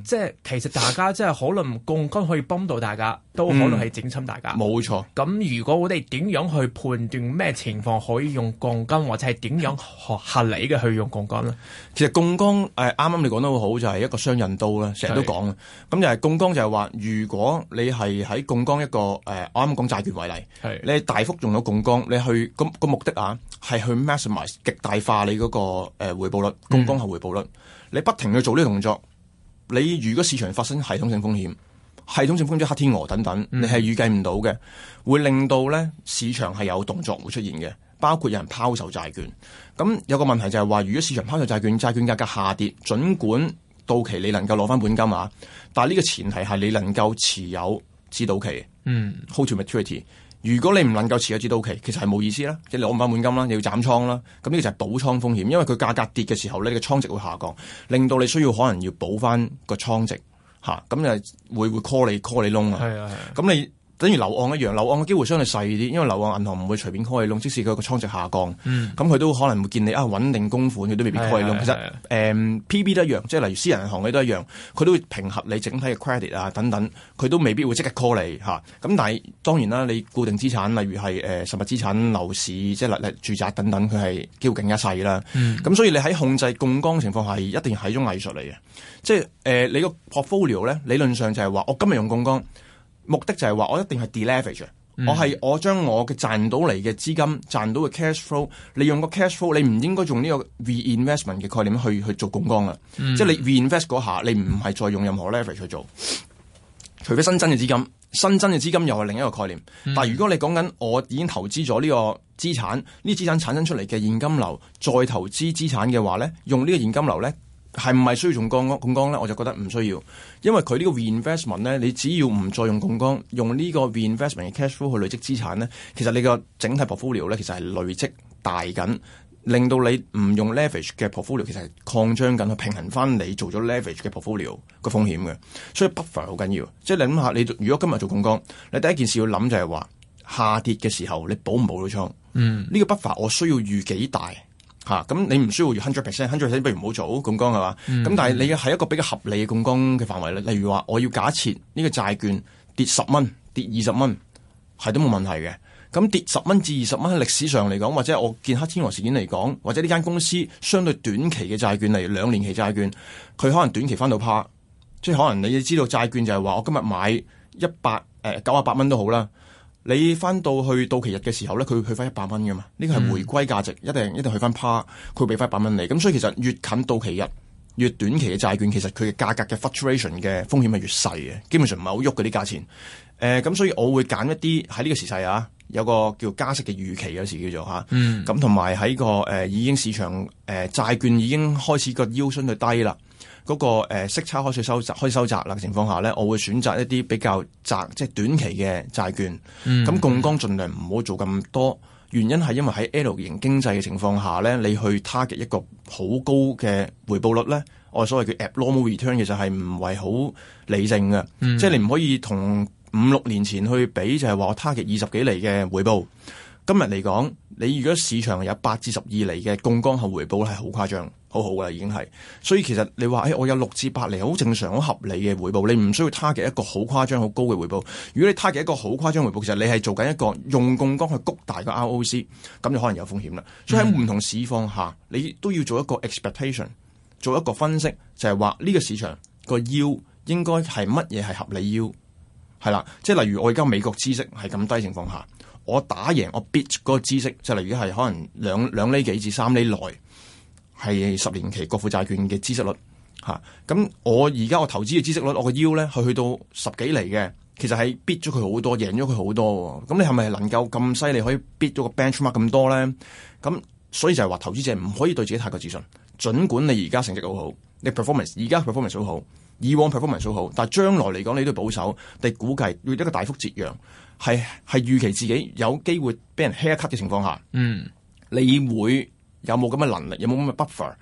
即係其實大家即係可能，槓桿可以幫到大家，都可能係整親大家。冇錯咁，如果我哋點樣去判斷咩情況可以用槓桿，或者係點樣合合理嘅去用槓桿呢？其實槓桿誒，啱啱你講得好，就係一個雙刃刀啦。成日都講嘅咁就係槓桿，就係話如果你係喺槓桿一個誒，我啱啱講債券為例，係是你大幅用咗槓桿，你去咁、嗰個目的啊，係去 maximize 極大化你嗰個誒回報率，槓桿係回報率，嗯、你不停去做呢個動作。你如果市場發生系統性風險、系統性風險、黑天鵝等等，你係預計唔到嘅，會令到咧市場係有動作會出現嘅，包括有人拋售債券。咁有個問題就係話，如果市場拋售債券，債券價格下跌，儘管到期你能夠攞翻本金啊，但係呢個前提係你能夠持有至到期，嗯，hold to maturity。如果你唔能夠持有至到期，其實係冇意思啦，即係攞唔翻本金啦，你要斬倉啦，咁呢個就係補倉風險，因為佢價格跌嘅時候咧，你個倉值會下降，令到你需要可能要補翻個倉值，嚇、啊，咁就會會 call 你 call 你 loan 啊，係啊，係啊，咁你。等於樓按一樣，樓按嘅機會相對細啲，因為樓按銀行唔會隨便 call 你 loan，即使佢個倉值下降，咁佢、嗯、都可能會見你啊穩定供款，佢都未必 call loan。是的 其實的、um, PB 都一樣，即係例如私人銀行嘅都一樣，佢都會平衡你整體嘅 credit 啊等等，佢都未必會即刻 call 你嚇。咁、啊、但係當然啦，你固定資產例如係誒、呃、實物資產、樓市即係住宅等等，佢係焦緊一細啦。咁、嗯嗯嗯、所以你喺控制槓桿情況下一定係一種藝術嚟嘅，即係誒、呃、你個 portfolio 呢理論上就係話我今日用槓桿。目的就係話，我一定係 deleverage、嗯、我係我將我嘅賺到嚟嘅資金，賺到嘅 cash flow，利用個 cash flow，你唔應該用呢個 reinvestment 嘅概念去去做槓桿啦。嗯、即係你 reinvest 嗰下，你唔係再用任何 leverage 去做，除非新增嘅資金，新增嘅資金又係另一個概念。但係如果你講緊我已經投資咗呢個資產，呢、這個、資產產生出嚟嘅現金流再投資資產嘅話咧，用呢個現金流咧。係唔係需要用槓桿槓桿咧？我就覺得唔需要，因為佢呢個 reinvestment 咧，你只要唔再用槓桿，用呢個 reinvestment 嘅 cash flow 去累積資產咧，其實你個整體 portfolio 咧，其實係累積大緊，令到你唔用 leverage 嘅 portfolio 其實係擴張緊，去平衡翻你做咗 leverage 嘅 portfolio 個風險嘅。所以 buffer 好緊要，即你諗下你如果今日做槓桿，你第一件事要諗就係話下跌嘅時候你保唔保到倉？嗯，呢個 buffer 我需要預幾大？嚇，咁、啊、你唔需要要 hundred percent，hundred percent 不如唔好做，槓桿係嘛？咁、mm hmm. 但係你係一個比較合理嘅槓桿嘅範圍咧。例如話，我要假設呢個債券跌十蚊、跌二十蚊，係都冇問題嘅。咁跌十蚊至二十蚊喺歷史上嚟講，或者我見黑天鵝事件嚟講，或者呢間公司相對短期嘅債券嚟，兩年期債券，佢可能短期翻到 par，即係可能你要知道債券就係話，我今日買一百誒九啊八蚊都好啦。你翻到去到期日嘅時候咧，佢會去翻一百蚊㗎嘛？呢個係回歸價值，嗯一，一定一定去翻趴，佢俾翻一百蚊你。咁所以其實越近到期日，越短期嘅債券其實佢嘅價格嘅 frustration 嘅風險係越細嘅，基本上唔係好喐嗰啲價錢。誒、呃，咁所以我會揀一啲喺呢個時勢啊，有個叫加息嘅預期時、啊嗯、有時叫做吓，咁同埋喺個誒已經市場誒債、呃、券已經開始個腰身去低啦。.嗰、那個、呃、息差開始收，開始收窄啦，情況下咧，我會選擇一啲比較窄，即係短期嘅債券。咁槓桿盡量唔好做咁多。原因係因為喺 L 型經濟嘅情況下咧，你去 target 一個好高嘅回報率咧，我所謂叫 abnormal return 其實係唔為好理性嘅。嗯、即係你唔可以同五六年前去比，就係、是、話 target 二十幾厘嘅回報。今日嚟講，你如果市場有八至十二厘嘅槓桿後回報，係好誇張。好好噶啦，已經係。所以其實你話，誒、欸，我有六至八釐，好正常，好合理嘅回報。你唔需要 target 一個好誇張、好高嘅回報。如果你 target 一個好誇張回報，其實你係做緊一個用槓桿去谷大個 ROC 咁就可能有風險啦。所以喺唔同市況下，你都要做一個 expectation，做一個分析，就係話呢個市場個 yield 應該係乜嘢係合理 yield，係啦。即係例如我而家美國知息係咁低情況下，我打贏我 bid 嗰個知息，就例如係可能兩兩釐幾至三厘內。係十年期國庫債券嘅孳息率嚇，咁、啊、我而家我投資嘅孳息率，我個 yield 咧係去到十幾厘嘅，其實係 beat 咗佢好多，贏咗佢好多。咁、啊、你係咪能夠咁犀利可以 beat 咗個 benchmark 咁多咧？咁、啊、所以就係話投資者唔可以對自己太過自信，儘管你而家成績好好，你 performance 而家 performance 好，好以往 performance 好，好，但係將來嚟講你都要保守，你估計要一個大幅折讓，係係預期自己有機會俾人 haircut 嘅情況下，嗯，你會。有冇咁嘅能力？有冇咁嘅 buffer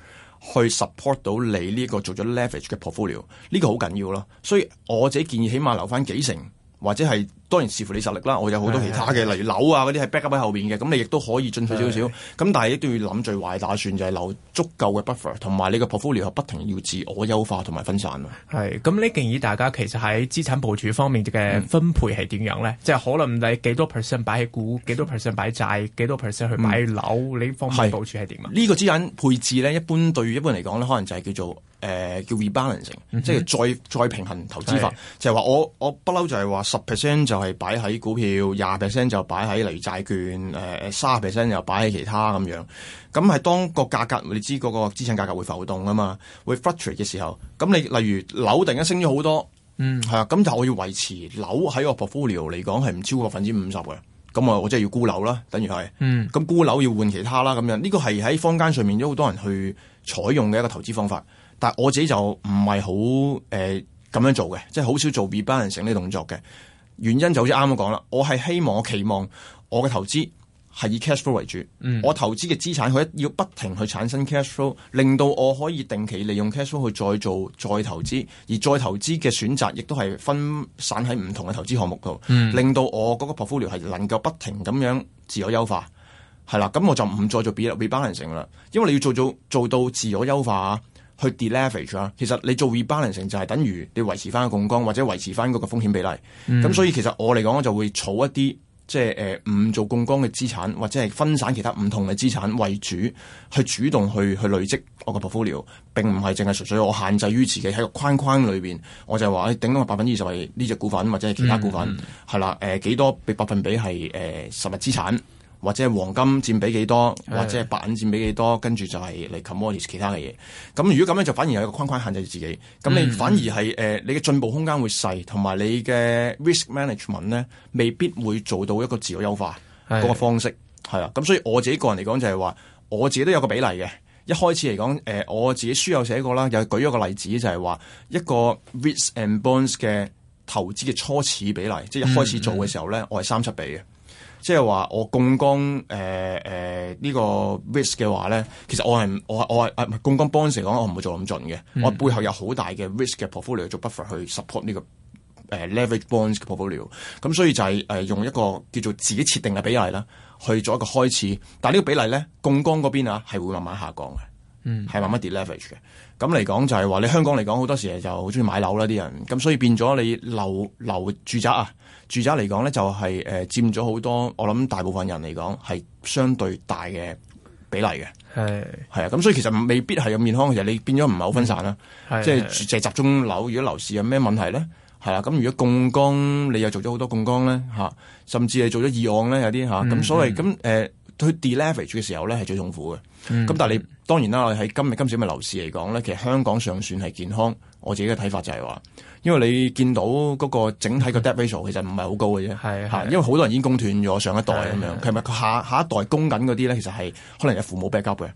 去 support 到你呢個做咗 leverage 嘅 portfolio？呢個好緊要囉。所以我自己建議，起碼留返幾成，或者係。當然視乎你實力啦，我有好多其他嘅，是是例如樓啊嗰啲係 back up 喺後面嘅，咁你亦都可以進取少少。咁是是 但係亦都要諗最壞打算，就係留足夠嘅 buffer，同埋你嘅 portfolio 不停要自我優化同埋分散。係。咁你建議大家其實喺資產部署方面嘅分配係點樣咧？即係、嗯、可能你幾多 percent 擺喺股，幾多 percent 擺債，幾多 percent 去買樓呢？方面部署係點啊？呢、呢個資產配置咧，一般對一般嚟講咧，可能就係叫做。誒、呃，叫 rebalancing，、嗯、哼即係再再平衡投資法，是就係話我我不嬲就係話十 percent 就係擺喺股票，廿 percent 就擺喺例如債券，誒卅 percent 又擺喺其他咁樣。咁係當個價格，你知個個資產價格會浮動噶嘛，會 fluctuate 嘅時候，咁你例如樓突然間升咗好多，嗯，係啊，咁但我要維持樓喺個 portfolio 嚟講係唔超過百分之五十嘅，咁我我即係要沽樓啦，等於係，嗯，咁沽樓要換其他啦，咁樣呢、這個係喺坊間上面有好多人去採用嘅一個投資方法。但我自己就唔係好誒咁、呃、樣做嘅，即係好少做 rebalance 呢啲動作嘅原因就好似啱啱講啦。我係希望我期望我嘅投資係以 cash flow 為主，嗯、我投資嘅資產佢要不停去產生 cash flow，令到我可以定期利用 cash flow 去再做再投資，而再投資嘅選擇亦都係分散喺唔同嘅投資項目度，嗯、令到我嗰個 portfolio 係能夠不停咁樣自我優化係啦。咁我就唔再做 rebalance 啦，因為你要做到做，做到自我優化。去 deleverage 啊，其實你做 rebalancing 就係等於你維持翻個槓桿或者維持翻嗰個風險比例，咁、嗯、所以其實我嚟講就會儲一啲即係誒唔做槓桿嘅資產，或者係分散其他唔同嘅資產為主，去主動去去累積我個 portfolio。並唔係淨係純粹我限制於自己喺個框框裏邊，我就係話誒頂多百分之二十係呢隻股份或者係其他股份係、嗯、啦，誒、呃、幾多百分比係誒實物資產。或者係黃金佔比幾多，或者係白銀佔比幾多，的跟住就係嚟 commodities 其他嘅嘢。咁如果咁樣就反而有一個框框限制自己，咁你反而係誒、嗯呃、你嘅進步空間會細，同埋你嘅 risk management 咧，未必會做到一個自我優化嗰個方式，係啊的。咁所以我自己個人嚟講就係話，我自己都有個比例嘅。一開始嚟講誒，我自己書有寫過啦，又舉咗個例子就係話一個 risk and bonds 嘅投資嘅初始比例，嗯、即係一開始做嘅時候咧，我係三七比嘅。即係話我槓桿誒誒呢個 risk 嘅話咧，其實我係我係我係啊唔係槓桿 bonds 嚟講，我唔會做咁盡嘅。嗯、我背後有好大嘅 risk 嘅 portfolio 做 buffer 去 support 呢、這個誒、呃、leverage bonds 嘅 portfolio。咁所以就係、是、誒、呃、用一個叫做自己設定嘅比例啦，去做一個開始。但係呢個比例咧，槓桿嗰邊啊係會慢慢下降嘅。嗯，係慢慢跌 leverage 嘅，咁嚟講就係話你香港嚟講好多時就好中意買樓啦，啲人，咁所以變咗你樓樓住宅啊，住宅嚟講咧就係誒佔咗好多，我諗大部分人嚟講係相對大嘅比例嘅，係係啊，咁所以其實未必係咁健康嘅，其實你變咗唔係好分散啦，嗯、即係、就是、集中樓，如果樓市有咩問題咧，係啊，咁如果槓桿你又做咗好多槓桿咧，吓，甚至係做咗二按咧，有啲吓，咁所謂咁誒。嗯嗯佢 deleverage 嘅時候咧係最痛苦嘅，咁、嗯、但係你當然啦，喺今日今時今日樓市嚟講咧，其實香港尚算係健康。我自己嘅睇法就係、是、話，因為你見到嗰個整體嘅 debt ratio 其實唔係好高嘅啫，嚇，因為好多人已經供斷咗上一代咁樣，係咪佢下下一代供緊嗰啲咧？其實係可能有父母 back up 嘅，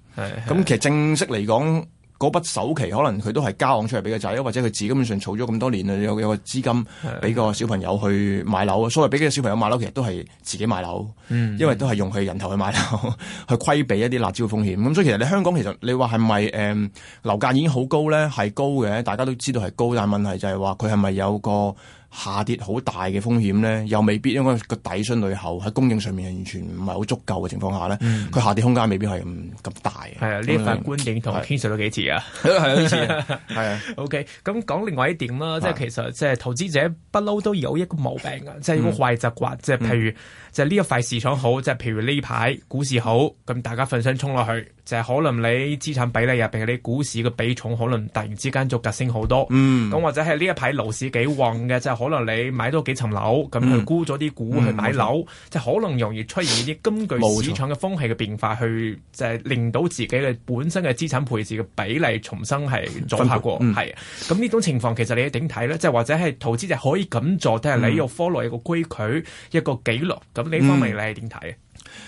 咁其實正式嚟講。嗰筆首期可能佢都係交往出嚟俾個仔，或者佢自己根本上儲咗咁多年啊，有有個資金俾個小朋友去買樓啊。所謂俾個小朋友買樓，其實都係自己買樓，因為都係用佢人頭去買樓， 去規避一啲辣招風險。咁所以其實你香港其實你話係咪誒樓價已經好高咧？係高嘅，大家都知道係高，但係問題就係話佢係咪有個下跌好大嘅風險咧，又未必應該個底薪裏口喺供應上面係完全唔係好足夠嘅情況下咧，佢下跌空間未必係咁咁大。係啊，呢一份觀點同我傾述咗幾次啊，係啊，幾次啊，係啊。OK，咁講另外一點啦，即係其實即係投資者不嬲都有一個毛病啊，即係一個壞習慣，即係譬如即係呢一塊市場好，即係譬如呢排股市好，咁大家瞓身衝落去。就係可能你資產比例入邊，你股市嘅比重可能突然之間就急升好多。嗯，咁或者係呢一排樓市幾旺嘅，就可能你買多幾層樓，咁去沽咗啲股去買樓，就可能容易出現啲根據市場嘅風氣嘅變化，去就係令到自己嘅本身嘅資產配置嘅比例重新係組合過。嗯，咁呢種情況其實你點睇咧？即係或者係投資者可以咁做，但係你要 follow 一個規矩、一個紀錄。咁呢方面你點睇？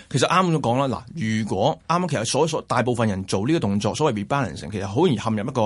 其實啱咁講啦，嗱，如果啱啱其實所一所大部分人做呢個動作，所謂 rebalance 成，其實好容易陷入一個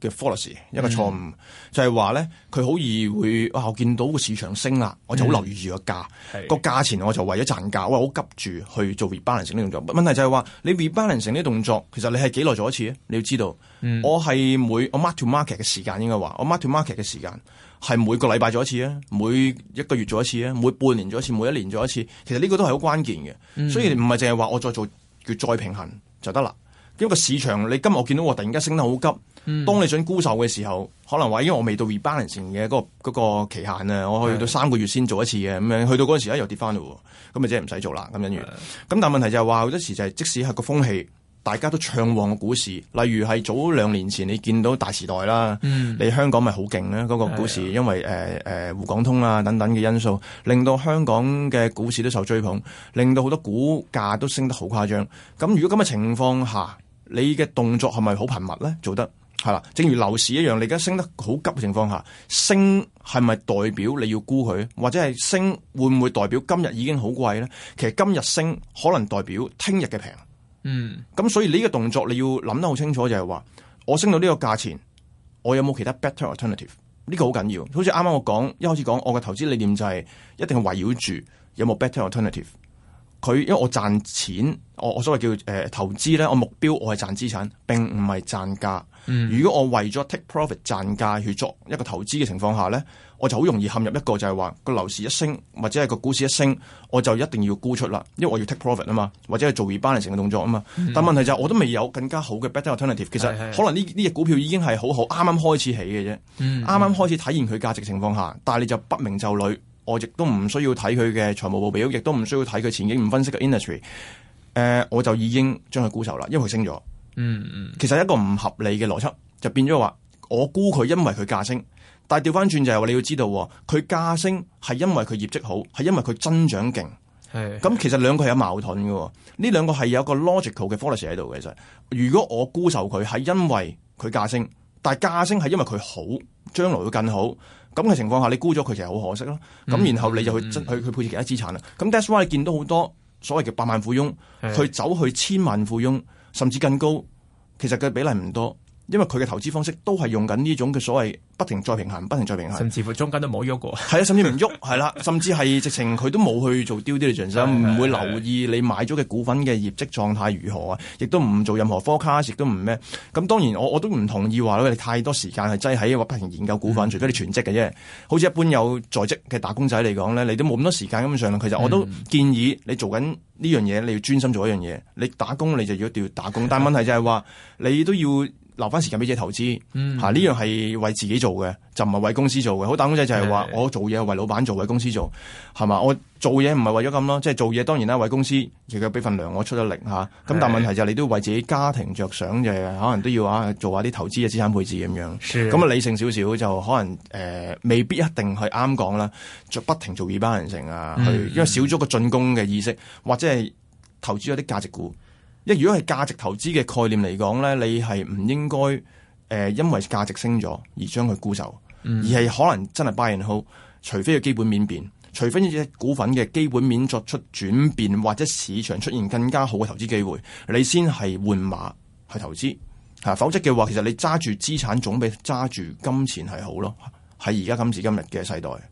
嘅 fallacy 一個錯誤，嗯、就係話咧，佢好易會哇，我見到個市場升啦，我就好留意住，嗯、個價，個價錢我就為咗賺價，我好急住去做 rebalance 成呢個動作。問題就係話，你 rebalance 成呢啲動作，其實你係幾耐做一次咧？你要知道，嗯、我係每我 mark to market 嘅時間應該話，我 mark to market 嘅時間。係每個禮拜做一次啊，每一個月做一次啊，每半年做一次，每一年做一次。其實呢個都係好關鍵嘅，嗯、所以唔係淨係話我再做，叫再平衡就得啦。因為個市場你今日我見到我突然間升得好急，嗯、當你想沽售嘅時候，可能話因為我未到 rebalance 嘅嗰個期限啊，我去到三個月先做一次嘅咁樣，的去到嗰陣時又跌翻嘞喎，咁咪即係唔使做啦咁樣樣。咁的但係問題就係話好多時就係即使係個風氣。大家都暢旺嘅股市，例如係早兩年前你見到大時代啦，嗯、你香港咪好勁咧？嗰、嗰個股市，的因為誒誒滬港通啊等等嘅因素，令到香港嘅股市都受追捧，令到好多股價都升得好誇張。咁如果咁嘅情況下，你嘅動作係咪好頻密呢？做得係啦，正如樓市一樣，你而家升得好急嘅情況下，升係咪代表你要沽佢？或者係升會唔會代表今日已經好貴呢？其實今日升可能代表聽日嘅平。嗯，咁所以呢個動作你要諗得好清楚，就係話我升到呢個價錢，我有冇其他 better alternative？呢個好緊要，好似啱啱我講，一開始講我嘅投資理念就係一定係圍繞住有冇 better alternative。佢因為我賺錢，我我所謂叫誒、呃、投資咧，我目標我係賺資產，並唔係賺價。嗯、如果我為咗 take profit 賺價去作一個投資嘅情況下咧。我就好容易陷入一個就係話個樓市一升或者係個股市一升，我就一定要沽出啦，因為我要 take profit 啊嘛，或者係做 rebalancing 嘅動作啊嘛。嗯、但問題就係，我都未有更加好嘅 better alternative。其實可能呢呢隻股票已經係好好啱啱開始起嘅啫，啱啱、嗯嗯、開始體現佢價值情況下，但係你就不明就裏，我亦都唔需要睇佢嘅財務報表，亦都唔需要睇佢前景唔分析嘅 industry、呃。誒，我就已經將佢沽售啦，因為佢升咗。嗯嗯，其實一個唔合理嘅邏輯就變咗話，我沽佢因為佢價升。但係調翻轉就係話你要知道，佢價升係因為佢業績好，係因為佢增長勁。係咁的，其實兩個係有矛盾嘅。呢兩個係有一個 logical 嘅 fallacy 喺度嘅。其實，如果我沽售佢，係因為佢價升，但係價升係因為佢好，將來會更好。咁嘅情況下，你沽咗佢，其實好可惜咯。咁、嗯、然後你就去去去、嗯、配置其他資產啦。咁、嗯、that's why 你見到好多所謂嘅百萬富翁佢的走去千萬富翁，甚至更高，其實佢比例唔多。因為佢嘅投資方式都係用緊呢種嘅所謂不停再平衡、不停再平衡，甚至乎中間都冇喐過，係 啊，甚至唔喐，係啦、啊， 甚至係直情佢都冇去做 due diligence 唔 會留意你買咗嘅股份嘅業績狀態如何啊，亦都唔做任何 forecast，亦都唔咩，咁當然我我都唔同意話你太多時間係擠喺一個不停研究股份，嗯、除非你全職嘅啫，好似一般有在職嘅打工仔嚟講呢，你都冇咁多時間，基本上其實我都建議你做緊呢樣嘢，你要專心做一樣嘢，你打工你就要一定要打工，嗯、但係問題就係話你都要。留翻時間俾自己投資，吓呢、嗯啊、樣係為自己做嘅，就唔係為公司做嘅。好打工仔就係話的我做嘢係為老闆做，為公司做，係嘛？我做嘢唔係為咗咁咯，即、就、係、是、做嘢當然啦，為公司亦嘅俾份糧，我出咗力吓。咁、啊、的但係問題就係你都要為自己家庭着想，就可能都要啊做下啲投資嘅資產配置咁樣，咁啊的理性少少就可能誒、呃，未必一定係啱講啦。做不停做二班人成啊，嗯、去因為少咗個進攻嘅意識，或者係投資有啲價值股。一如果係價值投資嘅概念嚟講呢，你係唔應該誒、呃，因為價值升咗而將佢沽售，嗯、而係可能真係 buy and hold 好，除非佢基本面變，除非呢隻股份嘅基本面作出轉變，或者市場出現更加好嘅投資機會，你先係換馬去投資吓、啊。否則嘅話，其實你揸住資產總比揸住金錢係好咯。喺而家今時今日嘅世代。